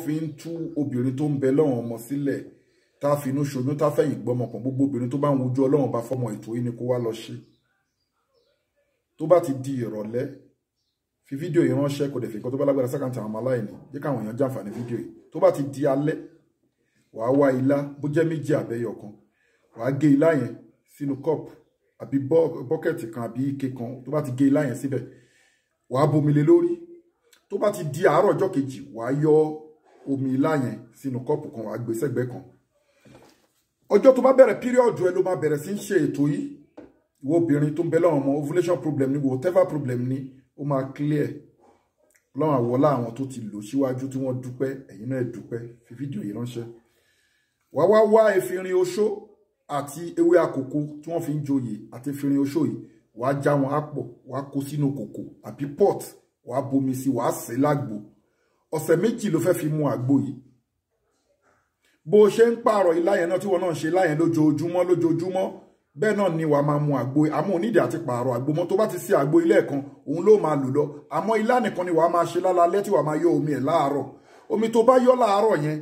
fi ń tú obìnrin tó ń bẹ lọ́rùn ọmọ sílẹ̀ tá a finú ṣoyún tá a fẹ̀yìn gbọ́mọ pọ̀ gbogbo obìnrin tó bá ń wojú ọlọ́run bá fọmọ ètò yìí ni kó wá lọ ṣe tó bá ti di ìrọ̀lẹ́ fi fídíò yìí ránṣẹ́ kò dẹ̀ fi nǹkan tó bá lágbára sákàǹtì àwọn aláìní jẹ́ káwọn èèyàn jàǹfààní fídíò yìí tó bá ti di alẹ́ wàá wá ilá bó jẹ́ méjì àbẹ́yọ̀ kan wàá gé ilá yẹn sínú cup àbí bọ́kẹ̀tì kan àbí ike kan tó bá ti gé ilá yẹn síbẹ̀ wàá bomi lé lórí tó bá ti di àárọ̀ ọjọ́ kejì wàá yọ omi ilá yẹn sínú kọ́ọ̀pù kan wàá gbé sẹ́gbẹ́ kan ọjọ́ tó bá bẹ̀rẹ̀ píríọ̀dù ẹ ló máa bẹ̀rẹ̀ sí ń ṣe ètò yìí ìwọ obìnrin tó ń bẹ lọ́wọ́ ọmọ ovulation problem ni whatever problem ni ó máa clear lọ́wọ́ àwọlá àwọn tó ti lò síwájú tí wọ́n dúpẹ́ ẹ̀yin náà dúpẹ́ fi fídíò yìí ránṣẹ́ wá wá wá efirin oṣó àti ewé àkókò tí wọ́n fi ń joyè àti efirin oṣó yìí wàá já wọn á pọ̀ wàá kó sínú kòkò àbí pot wàá bomi sí wàá sè lágbo ọ̀sẹ̀ méjì ló fẹ́ fi mu àgbo yìí bó o ṣe ń pààrọ̀ iláyẹn náà tí wọn náà ṣe iláyẹn lójoojúmọ́ lójoojúmọ́ bẹ́ẹ̀ náà ni wà á máa mu àgbo àmọ́ onídìí àti pààrọ̀ àgbo mọ́ tó bá ti ṣe àgbo ilé ẹ̀kan òun ló máa lò lọ àmọ́ ilá nìkan ni wà á máa ṣe lálalẹ́ tí wà á máa yọ omi ẹ̀ láàárọ̀ omi tó bá yọ láàárọ̀ yẹn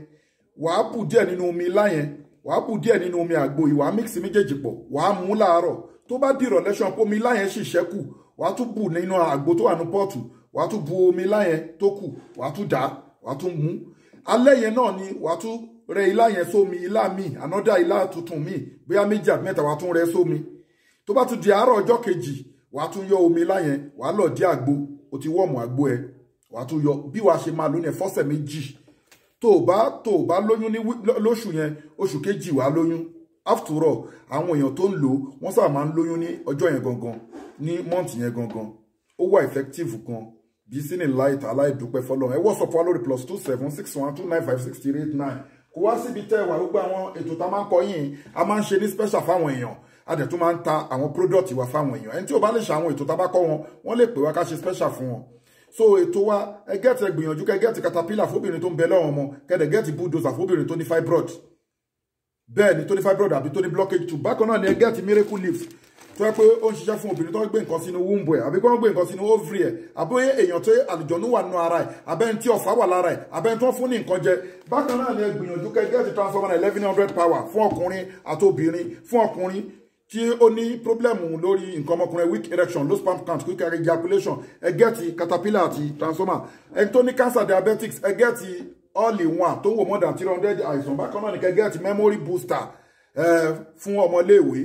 wà á bù díẹ̀ nínú omi ilá yẹn wà á bù díẹ̀ nínú omi àgbo yìí wà á mix méjèèjì pọ̀ wà á mu láàárọ̀ tó bá dìrọ̀ lẹ́sàn pé omi ilá ṣì ṣẹ́kù wà á tún bù nínú àgbo tó wà ní pọ́ọ̀tù wàá tún bu omi ilá yẹn tó kù wàá tún dà wàá tún mú alẹ́ yẹn náà ni wàá tún rẹ ilá yẹn sómi ilá míì anọ́dà ilá tuntun míì bóyá méjì àbí mẹ́ta wàá tún rẹ sómi tó bá tún di àárọ̀ ọjọ́ kejì wàá tún yọ omi ilá yẹn wàá lọ dí àgbo o ti wọ́ọ̀mù àgbo ẹ wàá tún yọ bí wàá ṣe máa lónìí fọ́sẹ̀ méjì tó bá tó bá lóyún lóṣù yẹn oṣù kejì wàá lóyún after all àwọn èèyàn tó ń lò wọ́n sábà máa ń lóyún ní ọjọ́ yẹn gangan ní mọ́ǹtì yẹn gangan ó wà effective gan-an bísínì láìtà aláìdúpẹ́ fọlọ́run ẹ wọ́sọ̀ fún wa lórí plus two seven six one two nine five six three eight nine kó wá síbi tẹ́ wà gbogbo àwọn ètò tá a máa ń kọ yín a máa ń ṣe ní special fáwọn èèyàn a dẹ̀ tún máa ń ta àwọn product wa fáwọn èèyàn ẹni tí ò bá lè ṣe àwọn ètò tá a bá kọ́ wọn wọ́n lè pè wá ká ṣe special fún wọn so ètò wa ẹ gẹ́ẹ̀tì gbìyànjú kẹ gẹ́ẹ̀tì caterpillar fóbìnrin tó ń bẹ lọ́wọ́n mọ kẹ́dẹ̀ gẹ́ẹ̀tì bulldozer fóbìnrin tó ní fibroid bẹ́ẹ̀ ni tó ní fibroid àbí tó ní blockage two bákan náà ni ẹ gẹ́ẹ̀tì miracle leaf tó yẹ pé ó ń ṣiṣẹ́ fún obìnrin tó ń gbé nǹkan sínú wúńbù ẹ̀ àbí kó ń gbé nǹkan sínú ovary ẹ̀ àbí èèyàn tó àlùjọ̀nú wà nù ara ẹ̀ abẹ́ni ọ̀fà wà lára ẹ̀ abẹ́ni tó fún ní nǹkan jẹ bákan náà ni ẹ gbìyànjú kẹ́ transformer eleven hundred power fún ọkùnrin àti fún ọkùnrin tí ó ní pírọ́blẹ́mù lórí nǹkan ọmọkùnrin weak erection low sperm count quick ejaculation ẹgẹ́tì caterpillar àti transformer ẹni tó ní cancer diabetics ẹgẹ́tì all in one tó ń wò more àìsàn bákan náà ní kẹgẹ́tì memory booster eh, fún ọmọléèwé.